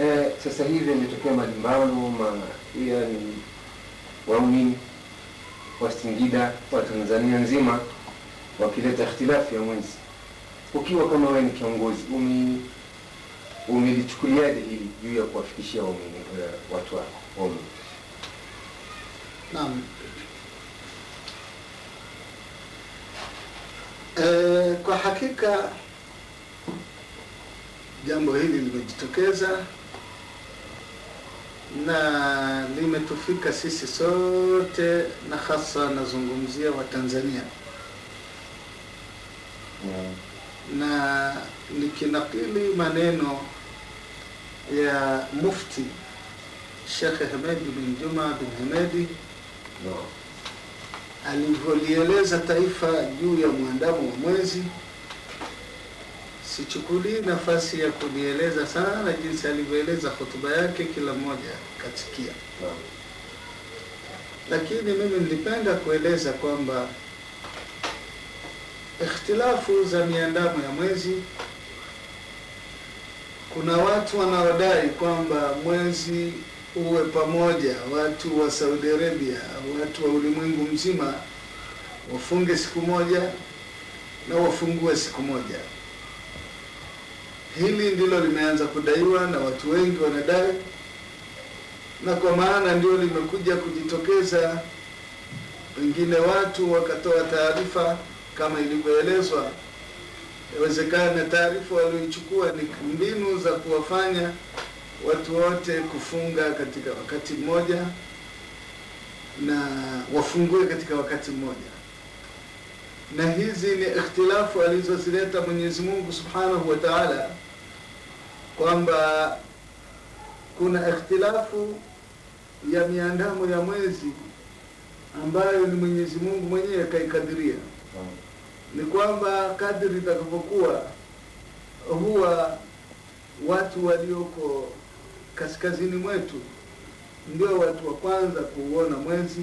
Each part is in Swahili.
Eh, sasa hivi imetokea ma ya waumini wa Singida wa Tanzania nzima wakileta ikhtilafu ya mwezi Ukiwa kama wewe ni kiongozi, umelichukuliaje hili juu ya kuwafikishia waumini eh, watu wako waumini? Naam. Eh, kwa hakika jambo hili limejitokeza na limetufika sisi sote, na hasa nazungumzia Watanzania yeah. Mm. Na nikinakili maneno ya Mufti Sheikh Hamedi bin Juma bin Hamedi no. alivyolieleza taifa juu ya mwandamo wa mwezi sichukulii nafasi ya kunieleza sana jinsi alivyoeleza hotuba yake, kila mmoja katikia lakini mimi nilipenda kueleza kwamba ikhtilafu za miandamo ya mwezi, kuna watu wanaodai kwamba mwezi uwe pamoja, watu wa Saudi Arabia, watu wa ulimwengu mzima wafunge siku moja na wafungue siku moja Hili ndilo limeanza kudaiwa na watu wengi wanadai, na kwa maana ndio limekuja kujitokeza. Wengine watu wakatoa taarifa kama ilivyoelezwa, inawezekana taarifa walioichukua ni mbinu za kuwafanya watu wote kufunga katika wakati mmoja na wafungue katika wakati mmoja, na hizi ni ikhtilafu alizozileta Mwenyezi Mungu Subhanahu wa Ta'ala kwamba kuna ikhtilafu ya miandamo ya mwezi ambayo ni Mwenyezi Mungu mwenyewe akaikadiria. Ni kwamba kadri itakavyokuwa, huwa watu walioko kaskazini mwetu ndio watu wa kwanza kuuona mwezi,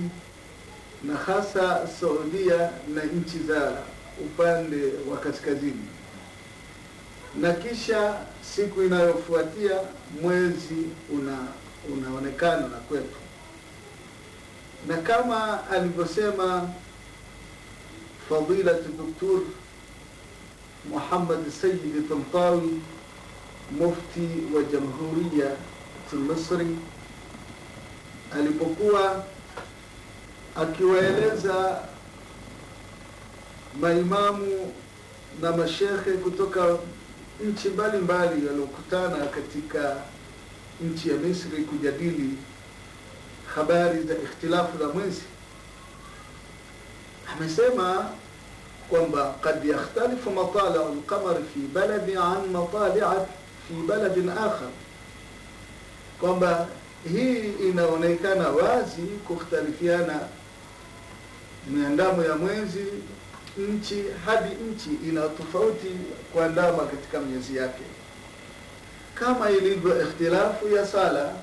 na hasa Saudia na nchi za upande wa kaskazini na kisha siku inayofuatia mwezi una, unaonekana na kwetu, na kama alivyosema fadilatu Doktor Muhammad Sayyid Tantawi mufti wa Jamhuria Misri alipokuwa akiwaeleza maimamu na mashekhe kutoka nchi mbalimbali waliokutana katika nchi ya Misri kujadili habari za ikhtilafu za mwezi. Amesema kwamba kad yakhtalifu mataliu lqamari fi baladi an mataliati fi baladin akhar, kwamba hii inaonekana wazi kukhtalifiana miandamo ya mwezi nchi hadi nchi ina tofauti kwa ndama katika miezi yake, kama ilivyo ikhtilafu ya sala.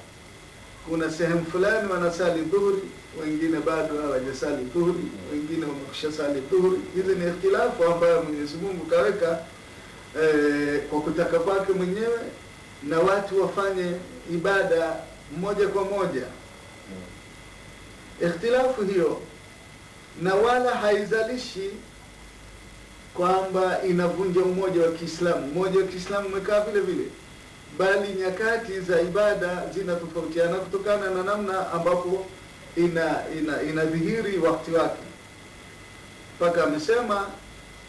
Kuna sehemu fulani wanasali dhuhuri, wengine bado hawajasali dhuhuri, wengine sali dhuhuri. Hizi ni ikhtilafu ambayo Mwenyezi Mungu kaweka e, kwa kutaka kwake mwenyewe, na watu wafanye ibada moja kwa moja. Ikhtilafu hiyo na wala haizalishi kwamba inavunja umoja wa Kiislamu. Umoja wa Kiislamu umekaa vile vile, bali nyakati za ibada zinatofautiana kutokana na namna ambapo ina ina inadhihiri wakati wake. Mpaka amesema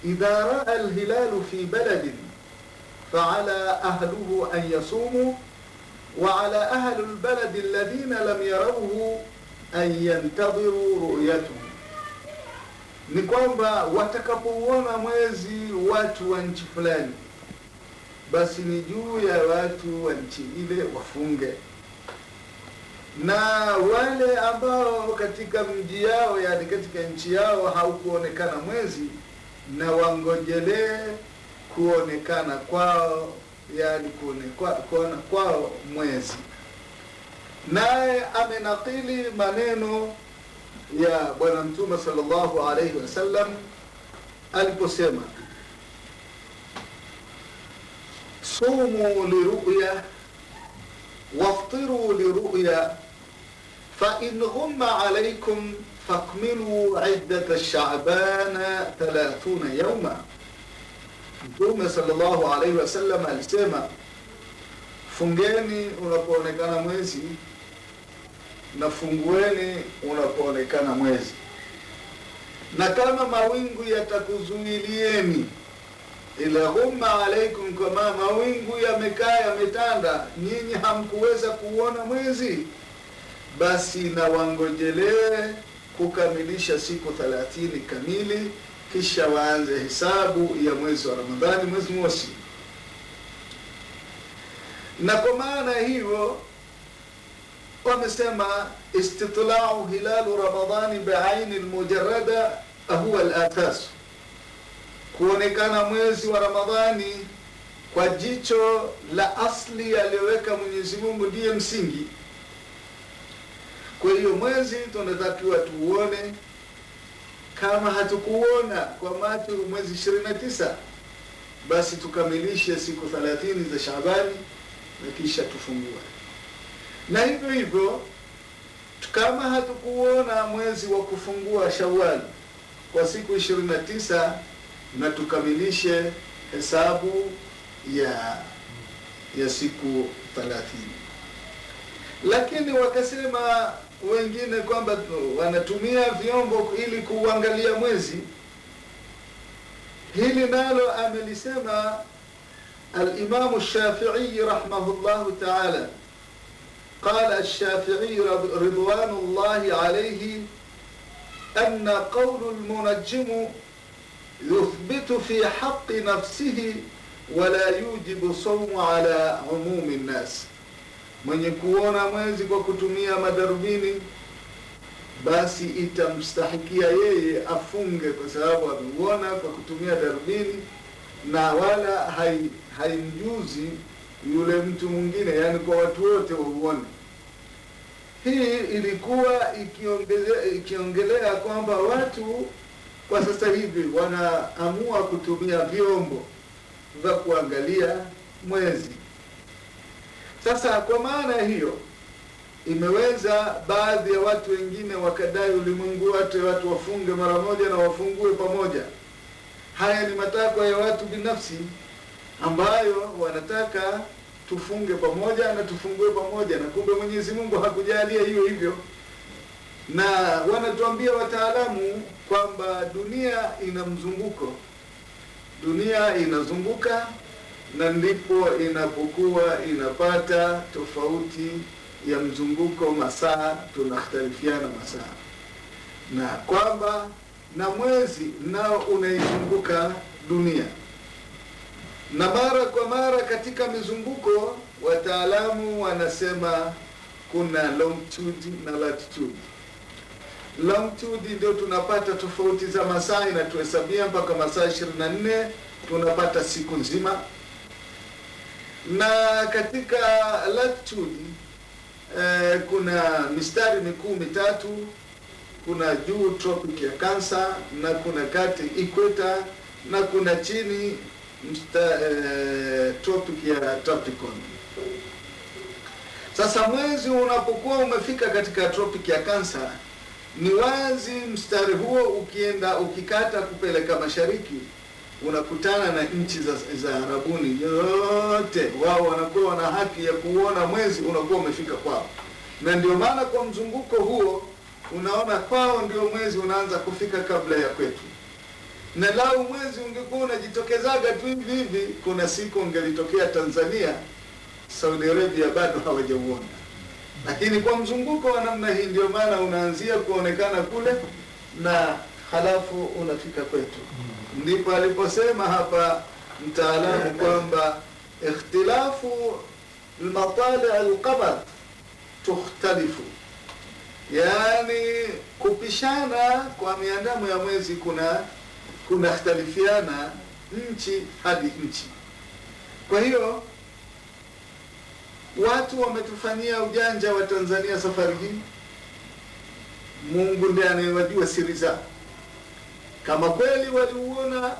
idha raa alhilalu fi baladin faala ahluhu an yasumu wa وعلى أهل البلد alladhina lam يروه an yantadhiru رؤيته ni kwamba watakapouona mwezi watu wa nchi fulani, basi ni juu ya watu wa nchi ile wafunge, na wale ambao katika mji yao, yani katika nchi yao haukuonekana mwezi, na wangojelee kuonekana kwao, yani kuona kwao mwezi. Naye amenakili maneno ya Bwana Mtume sallallahu alayhi wasallam aliposema sumu liruya waftiru liruya فإن غم عليكم فاكملوا عدة شعبان 30 yawma. Mtume sallallahu alayhi wasallam alisema fungeni unapoonekana mwezi na fungueni unapoonekana mwezi, na kama mawingu yatakuzuilieni, ila humma alaikum, kama mawingu yamekaa yametanda, nyinyi hamkuweza kuuona mwezi, basi na wangojelee kukamilisha siku thalathini kamili, kisha waanze hesabu ya mwezi wa Ramadhani, mwezi mosi. Na kwa maana hiyo wamesema istitlau hilalu Ramadhani biaini lmujarada huwa alatas, kuonekana mwezi wa Ramadhani kwa jicho la asli aliyoweka Mwenyezi Mungu ndiye msingi. Kwa hiyo mwezi tunatakiwa tuuone, kama hatukuona kwa macho mwezi 29 basi tukamilishe siku 3 za Shaabani na kisha tufungue na hivyo hivyo kama hatukuona mwezi wa kufungua shawali kwa siku 29 na tukamilishe hesabu ya ya siku 30. Lakini wakasema wengine kwamba wanatumia vyombo ili kuangalia mwezi. Hili nalo amelisema al-Imam Shafi'i rahimahullahu ta'ala قال الشافعي رضوان الله عليه أن قول المنجم يثبت في حق نفسه wala yujibu saumu ala umumi nnas, mwenye kuona mwezi kwa kutumia madarubini basi itamstahikia yeye afunge, kwa sababu ameuona kwa kutumia darubini na wala haimjuzi hai yule mtu mwingine, yani kwa watu wote wauone. Hii ilikuwa ikiongelea kwamba watu kwa sasa hivi wanaamua kutumia vyombo vya kuangalia mwezi. Sasa kwa maana hiyo, imeweza baadhi ya watu wengine wakadai ulimwengu wote watu wafunge mara moja na wafungue pamoja. Haya ni matakwa ya watu binafsi ambayo wanataka tufunge pamoja na tufungue pamoja, na kumbe Mwenyezi Mungu hakujalia hiyo hivyo. Na wanatuambia wataalamu kwamba dunia ina mzunguko, dunia inazunguka, na ndipo inapokuwa inapata tofauti ya mzunguko masaa, tunakhtalifiana masaa, na kwamba na mwezi nao unaizunguka dunia na mara kwa mara katika mizunguko, wataalamu wanasema kuna longitude na latitude. Longitude ndio tunapata tofauti za masaa, inatuhesabia mpaka masaa 24 tunapata siku nzima, na katika latitude eh, kuna mistari mikuu mitatu kuna juu tropic ya kansa na kuna kati ikweta na kuna chini mta, e, eh, topic ya Capricorn. Sasa mwezi unapokuwa umefika katika tropic ya kansa, ni wazi mstari huo ukienda ukikata kupeleka mashariki unakutana na nchi za, za Arabuni yote. Wao wanakuwa wana haki ya kuona mwezi unakuwa umefika kwao, na ndio maana kwa mzunguko huo unaona kwao ndio mwezi unaanza kufika kabla ya kwetu na lau mwezi ungekuwa unajitokezaga tu hivi hivi, kuna siku ungelitokea Tanzania, Saudi Arabia bado hawajauona. Lakini kwa mzunguko wa namna hii, ndio maana unaanzia kuonekana kule na halafu unafika kwetu. Ndipo aliposema hapa mtaalamu kwamba ikhtilafu lmatali alqamar tukhtalifu, yani kupishana kwa miandamo ya mwezi kuna kunakhtalifiana nchi hadi nchi. Kwa hiyo watu wametufanyia ujanja wa Tanzania safari hii. Mungu ndiye anayewajua siri zao. Kama kweli waliuona,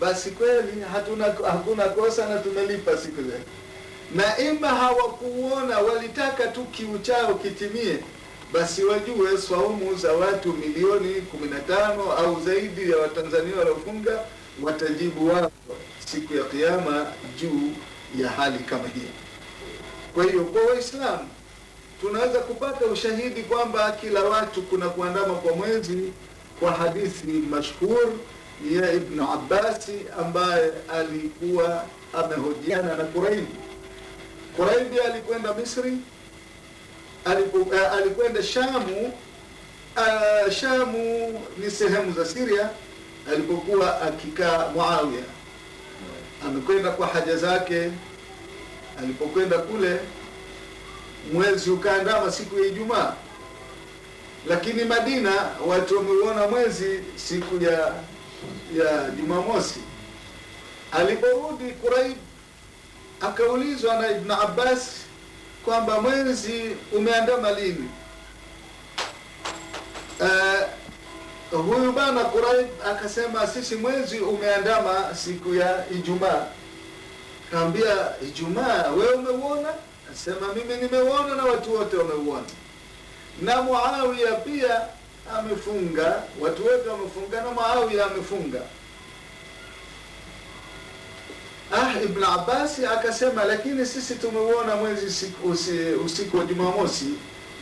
basi kweli hatuna hakuna kosa na tumelipa siku zake, na ima hawakuuona, walitaka tu kiu chao kitimie basi wajue saumu za watu milioni kumi na tano au zaidi ya Watanzania waliofunga watajibu wao siku ya Kiyama juu ya hali kama hii Kwa hiyo kwa Waislamu tunaweza kupata ushahidi kwamba kila watu kuna kuandama kwa mwezi kwa hadithi mashhur ya Ibn abasi ambaye alikuwa amehojiana na Kuraibi. Kuraibi alikwenda Misri alikwenda eh, Shamu. Uh, Shamu ni sehemu za Syria alipokuwa akikaa Muawiya, amekwenda kwa haja zake. Alipokwenda kule mwezi ukaandama siku ya Ijumaa, lakini Madina watu wameuona mwezi siku ya ya Jumamosi. Aliporudi Quraib, akaulizwa na Ibn Abbas kwamba mwezi umeandama lini. Uh, eh, huyu bana kuraib akasema sisi mwezi umeandama siku ya Ijumaa. Kaambia Ijumaa, wewe umeuona? Asema mimi nimeuona na watu wote wameuona. Na Muawiya pia amefunga, watu wote wamefunga na Muawiya amefunga. Ah, Ibn Abbas akasema, lakini sisi tumeuona mwezi usiku, usiku wa Jumamosi.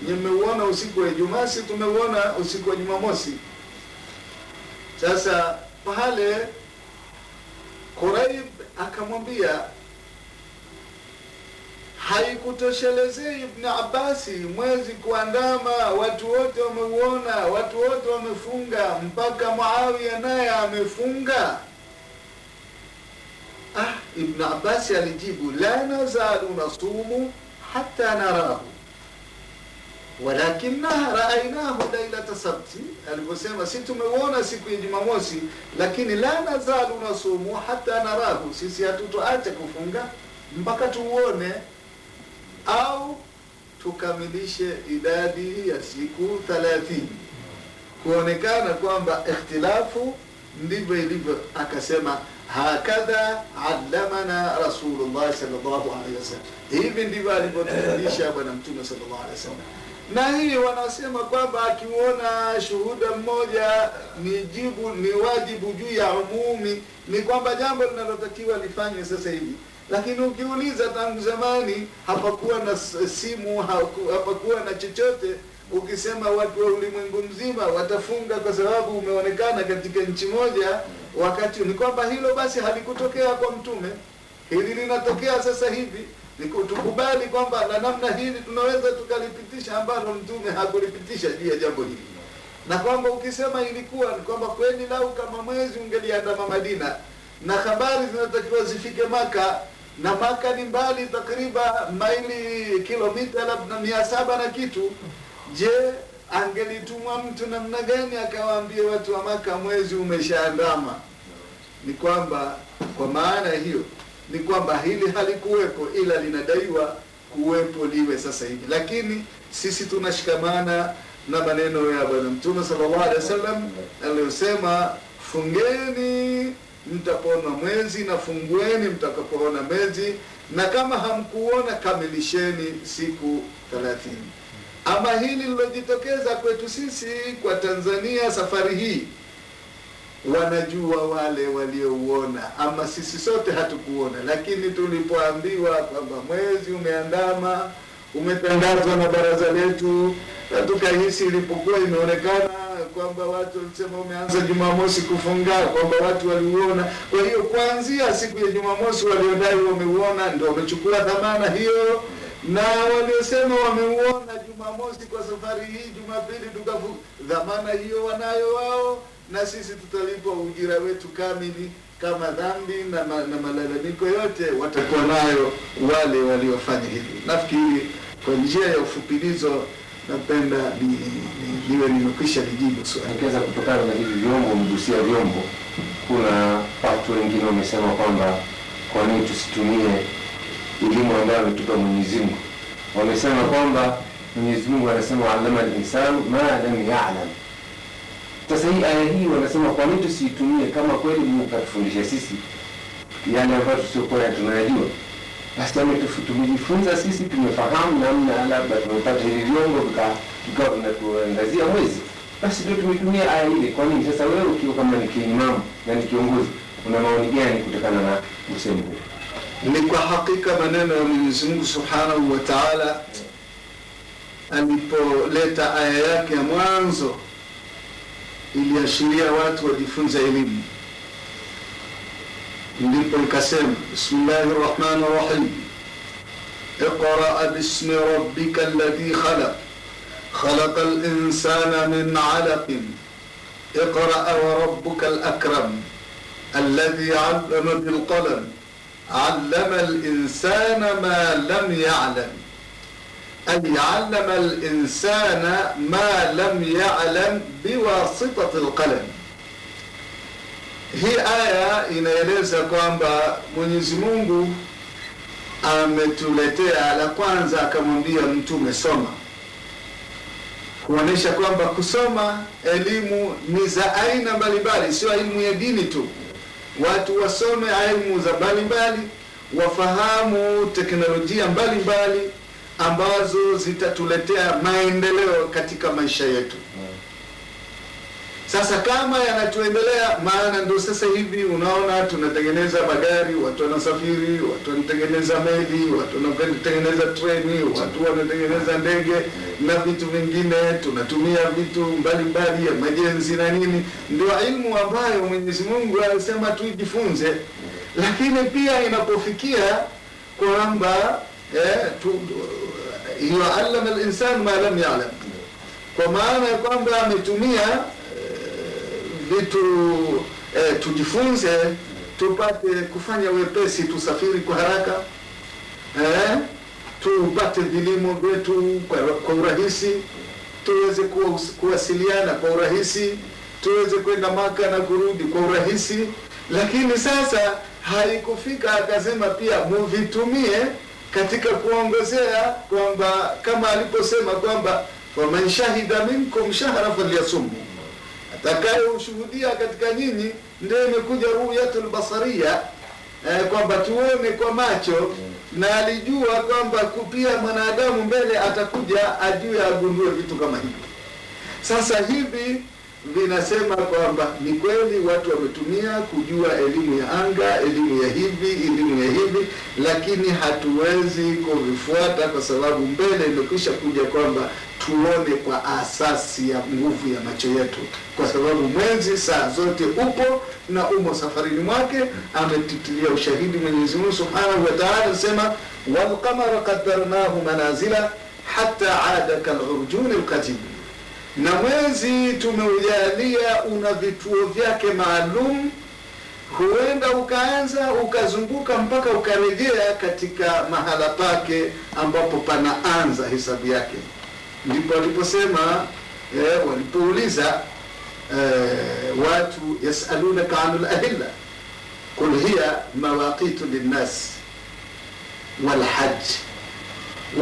Nimeuona usiku wa Ijumaa, si tumeuona usiku wa Jumamosi. Sasa pale Quraib akamwambia haikutoshelezei Ibn abasi mwezi kuandama, watu wote wameuona, watu wote wamefunga, mpaka Muawiya naye amefunga Ah, Ibn Abbas alijibu la nazalu nasumu hata narahu walakinaha raainahu lailata sabti, alivyosema si tumeuona siku ya Jumamosi, lakini la nazalu nasumu hata narahu, sisi hatutoacha kufunga mpaka tuuone au tukamilishe idadi ya siku thalathini, kuonekana kwamba ikhtilafu ndivyo ilivyo. Akasema hakadha allamana rasulullahi sallallahu alehi wasallam, hivi ndivyo alivyotufundisha Bwana Mtume sallallahu alehi wasallam. Na hii wanasema kwamba akiona shuhuda mmoja ni jibu, ni wajibu juu ya umumi, ni kwamba jambo linalotakiwa lifanywe sasa hivi lakini ukiuliza tangu zamani hapakuwa na simu, hapakuwa na chochote ukisema watu wa ulimwengu mzima watafunga kwa sababu umeonekana katika nchi moja wakati, ni kwamba hilo basi halikutokea kwa Mtume, hili linatokea sasa hivi. Tukubali kwamba na namna hili tunaweza tukalipitisha ambalo Mtume hakulipitisha juu ya jambo hili, na kwamba ukisema ilikuwa ni kwamba kweli, lau kama mwezi ungeliandama Madina na habari zinatakiwa zifike Maka na Maka ni mbali takriban maili kilomita labda mia saba na kitu Je, angelitumwa mtu namna gani akawaambia watu wa Maka mwezi umeshaandama? Ni kwamba kwa maana hiyo ni kwamba hili halikuwepo, ila linadaiwa kuwepo liwe sasa hivi, lakini sisi tunashikamana na maneno ya Bwana Mtume alehi wa sallam aliyosema, fungeni mtapoona mwezi na fungueni mtakapoona mwezi, na kama hamkuona kamilisheni siku thelathini ama hili lilojitokeza kwetu sisi kwa Tanzania safari hii, wanajua wale waliouona, ama sisi sote hatukuona, lakini tulipoambiwa kwamba mwezi umeandama umetangazwa na baraza letu, na tukahisi ilipokuwa imeonekana kwamba watu walisema umeanza Jumamosi kufunga, kwamba watu waliuona. Kwa hiyo kuanzia siku ya Jumamosi waliodai wameuona ndio wamechukua dhamana hiyo na waliosema wameuona Jumamosi kwa safari hii Jumapili tukavu, dhamana hiyo wanayo wao, na sisi tutalipwa ujira wetu kamili kama dhambi na, ma, na malalamiko yote watakuwa nayo wale waliofanya hivi. Nafikiri kwa njia ya ufupilizo, napenda niwe nimekwisha lijibu swali. Kutokana na hivi vyombo, mgusia vyombo, kuna watu wengine wamesema kwamba kwa nini tusitumie elimu ambayo ametoka Mwenyezi Mungu. Wamesema kwamba Mwenyezi Mungu anasema waalama al-insanu ma lam ya'lam. Sasa hii aya hii wanasema kwa nini tusiitumie kama kweli Mungu katufundisha sisi yale ambayo tusiokuwa tunayajua? Basi tumejifunza sisi, tumefahamu namna labda tumepata hili vyombo tukawa tunatuangazia mwezi, basi ndio tumetumia aya ile. Kwa nini sasa wewe ukiwa kama ni kiimamu na ni kiongozi, una maoni gani kutokana na msemo huu? ni kwa hakika maneno ya Mwenyezi Mungu Subhanahu wa Ta'ala alipoleta aya yake ya mwanzo iliashiria watu wajifunze elimu, ndipo ikasema bismillahi rahmani rahim اقرا باسم ربك الذي خلق خلق الانسان من علق اقرا وربك الاكرم الذي علم بالقلم علم الإنسان ما لم يعلم أي علم الإنسان ما لم يعلم القلم هي Hii aya inaeleza kwamba من Mungu ametuletea la kwanza, akamwambia mtu umesoma kuonyesha kwamba kusoma elimu ni za aina mbalimbali, sio elimu ya dini tu watu wasome elimu za mbalimbali, wafahamu teknolojia mbalimbali ambazo zitatuletea maendeleo katika maisha yetu. Sasa kama yanachoendelea, maana ndio sasa hivi unaona tunatengeneza magari, watu wanasafiri, watu wanatengeneza meli, watu wanatengeneza treni, watu wanatengeneza ndege na vitu vingine, tunatumia vitu mbalimbali ya majenzi na nini. Ndio ilmu ambayo Mwenyezi Mungu alisema tuijifunze, lakini pia inapofikia kwamba eh, eh, yuallama linsan ma lam yalam, kwa maana ya kwamba ametumia vitu e, eh, tujifunze tupate kufanya wepesi, tusafiri kwa haraka e, tupate vilimo vyetu kwa, kwa urahisi, tuweze kuwasiliana kwa urahisi, tuweze kwenda Maka na kurudi kwa urahisi. Lakini sasa haikufika akasema pia muvitumie katika kuongezea kwamba kama aliposema kwamba waman shahida minkum shahra falyasumu takayoshuhudia katika nyinyi, ndio imekuja ruyatul basaria eh, kwamba tuone kwa macho na alijua kwamba kupia mwanadamu mbele atakuja ajue agundue vitu kama hivyo. Sasa hivi vinasema kwamba ni kweli watu wametumia kujua elimu ya anga, elimu ya hivi, elimu ya hivi, lakini hatuwezi kuvifuata kwa sababu mbele imekwisha kuja kwamba tuone kwa asasi ya nguvu ya macho yetu, kwa sababu mwenzi saa zote upo na umo safarini mwake. ametitilia ushahidi Mwenyezi Mungu Subhanahu wa Ta'ala, anasema walqamara qaddarnahu manazila hata ada kalurjuni lkadimu, na mwezi tumeujalia una vituo vyake maalum huenda ukaanza ukazunguka mpaka ukarejea katika mahala pake ambapo panaanza hesabu yake ndipo waliposema eh, walipouliza eh, watu yasalunaka an ahilla kul hiya mawaqitu linnas walhaj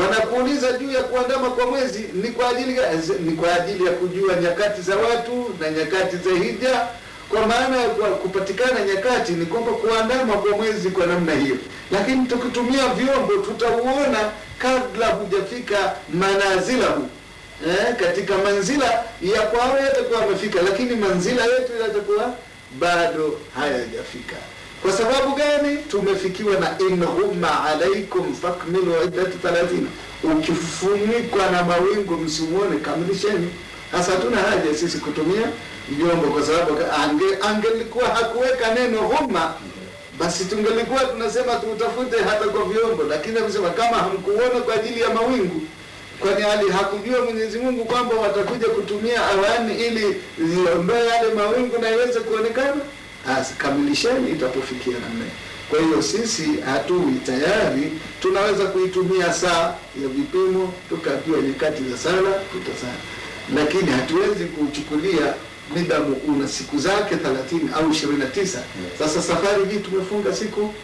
wanakuuliza juu ya kuandama kwa mwezi ni kwa ajili ni kwa ajili ya kujua nyakati za watu na nyakati za hija kwa maana ya kupatikana nyakati ni kwamba kuandama kwa mwezi kwa namna hiyo, lakini tukitumia vyombo tutauona kabla hujafika manazilahu eh, katika manzila ya kwao yatakuwa amefika, lakini manzila yetu yatakuwa bado hayajafika. Kwa sababu gani? Tumefikiwa na inhuma alaikum fakmilu iddati thalathina, ukifunikwa na mawingu msimuone, kamilisheni. Hasa hatuna haja sisi kutumia Yombo kwa sababu ange, angelikuwa hakuweka neno huma basi tungelikuwa tunasema tutafute hata kwa vyombo, lakini amesema kama hamkuona kwa ajili ya mawingu, kwani hali hakujua Mwenyezi Mungu kwamba watakuja kutumia awani ili ziombee yale mawingu na iweze kuonekana. kamilisheni itapofikia namna kwa hiyo sisi hatui tayari, tunaweza kuitumia saa ya vipimo, tukajua nyakati za sala tutasala, lakini hatuwezi kuchukulia mida una siku zake 30 au 29. Sasa safari hii tumefunga siku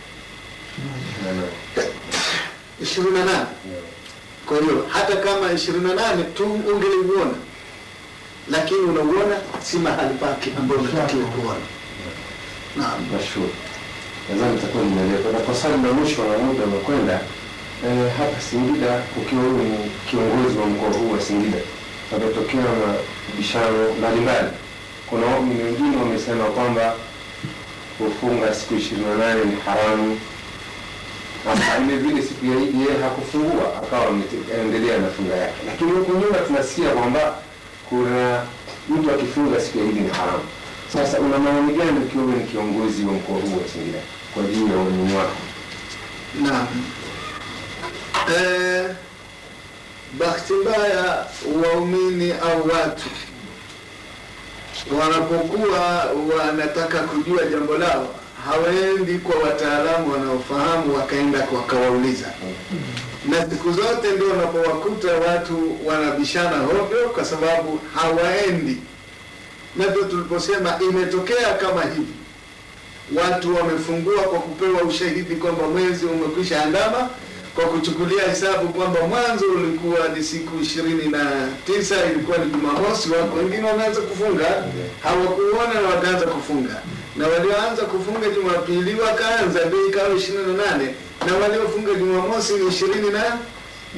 28. Kwa hiyo hata kama 28 tu ungeliuona, lakini unauona si mahali pake ambapo unatakiwa kuona. Naam, nashukuru. Nadhani mtakuwa nimeelewa na kwa sababu na mwisho wa muda umekwenda. Eh, hapa Singida ukiwa ni kiongozi wa mkoa huu wa Singida, pametokea bishano mbalimbali kuna waumini wengine wamesema kwamba kufunga siku ishirini na nane ni haramu, hasa vile vile siku ya Idi yeye hakufungua akawa ameendelea na funga yake, lakini huku nyuma tunasikia kwamba kuna mtu akifunga siku ya Idi ni haramu. Sasa una maoni gani ukiwa ni kiongozi wa mkoa huu wa Singida kwa ajili ya waumini wako? Naam, eh, bahati mbaya waumini au watu wanapokuwa wanataka kujua jambo lao hawaendi kwa wataalamu wanaofahamu, wakaenda wakawauliza. Na siku zote ndio wanapowakuta watu wanabishana hovyo, kwa sababu hawaendi. Na ndio tuliposema imetokea kama hivi, watu wamefungua kwa kupewa ushahidi kwamba mwezi umekwisha andama kwa kuchukulia hesabu kwamba mwanzo ulikuwa ni siku ishirini na tisa ilikuwa ni Jumamosi, wako wengine wameanza kufunga hawakuona na wakaanza kufunga, na walioanza kufunga Jumapili wakaanza ndio ikawa ishirini na nane na waliofunga Jumamosi ni ishirini na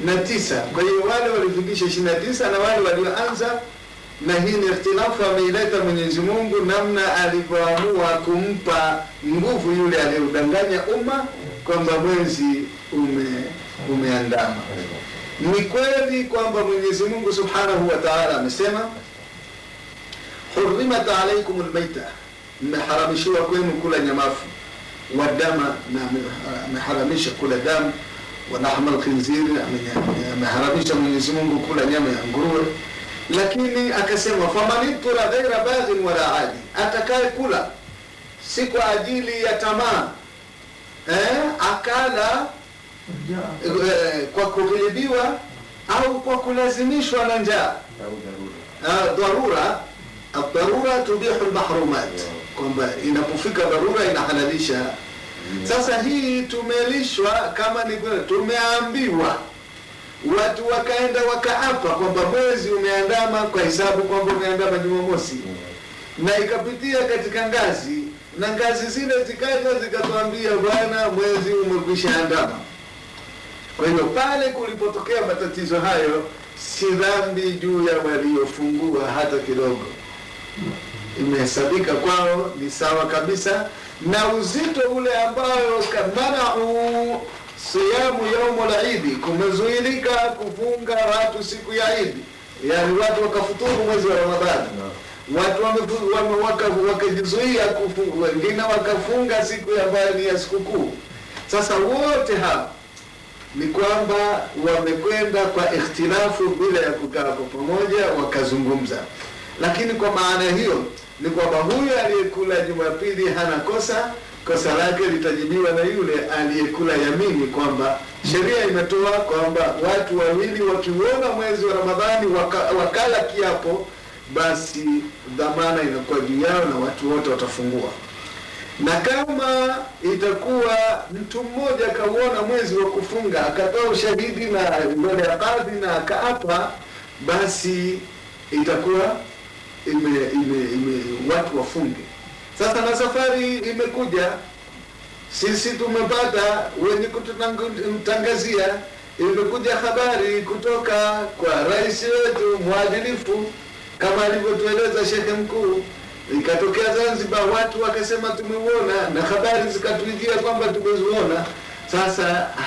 na tisa. Kwa hiyo wale walifikisha ishirini na tisa na wale walioanza, na hii ni ikhtilafu ameileta Mwenyezi Mungu namna alivyoamua kumpa nguvu yule aliyeudanganya umma kwamba mwezi ume umeandama. Ni kweli kwamba Mwenyezi Mungu Subhanahu wa Ta'ala amesema hurrimat alaykum almayta, mmeharamishiwa kwenu kula nyamafu, wadama, na ameharamisha kula damu, wa lahma ameharamisha Mwenyezi Mungu kula nyama ya nguruwe. Lakini akasema faman ghaira baghin wala adi, atakaye kula si kwa ajili ya tamaa eh, akala Eh, kwa kughilibiwa au kwa kulazimishwa na njaa dharura. Ah, dharura tubihu lmahrumat, kwamba inapofika dharura inahalalisha. Sasa hii tumelishwa kama ni tumeambiwa watu wakaenda wakaapa kwamba mwezi umeandama kwa hisabu kwamba umeandama Jumamosi, na ikapitia katika ngazi na ngazi zile zikaja zikatuambia, bwana, mwezi umekwisha andama. Kwa hiyo pale kulipotokea matatizo hayo, si dhambi juu ya waliofungua hata kidogo, imehesabika kwao ni sawa kabisa na uzito ule ambayo kamanau siyamu yaumu la idi, kumezuilika kufunga watu siku ya idi, yani watu wakafuturu mwezi wa Ramadhani watu wakajizuia waka kufunga, wengine wakafunga siku ambayo ni ya sikukuu. Sasa wote hapa ni kwamba wamekwenda kwa ikhtilafu bila ya kukaa kwa pamoja wakazungumza. Lakini kwa maana hiyo ni kwamba huyu aliyekula Jumapili hana kosa, kosa lake litajibiwa na yule aliyekula yamini, kwamba sheria imetoa kwamba watu wawili wakiuona mwezi wa Ramadhani waka, wakala kiapo, basi dhamana inakuwa juu yao na watu wote watafungua na kama itakuwa mtu mmoja akauona mwezi wa kufunga akatoa ushahidi na mbele ya kadhi na akaapa, basi itakuwa ime, ime, ime, watu wafunge. Sasa na safari imekuja, sisi tumepata wenye kututangazia, imekuja habari kutoka kwa rais wetu mwadilifu kama alivyotueleza shekhe mkuu Ikatokea Zanzibar watu wakasema tumeuona, na habari zikatujia kwamba tumeziona. Sasa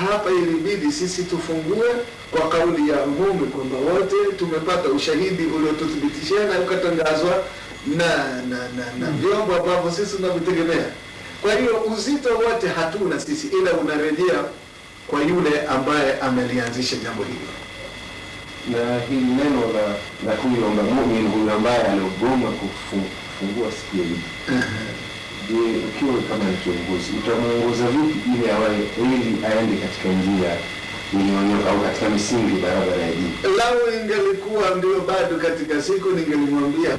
hapa ilibidi sisi tufungue kwa kauli ya umumi kwamba wote tumepata ushahidi uliotuthibitishia na ukatangazwa na na na, na hmm. vyombo ambavyo sisi tunavitegemea. Kwa hiyo uzito wote hatuna sisi, ila unarejea kwa yule ambaye amelianzisha jambo hili. Na hili neno la la huyo muumini huyu ambaye aliogoma kufungua siku ya Je, ukiwa kama ni kiongozi utamuongoza vipi ili awaye ili aende katika njia au katika misingi barabara ya jii Lau ingelikuwa ndio bado katika siku, ningelimwambia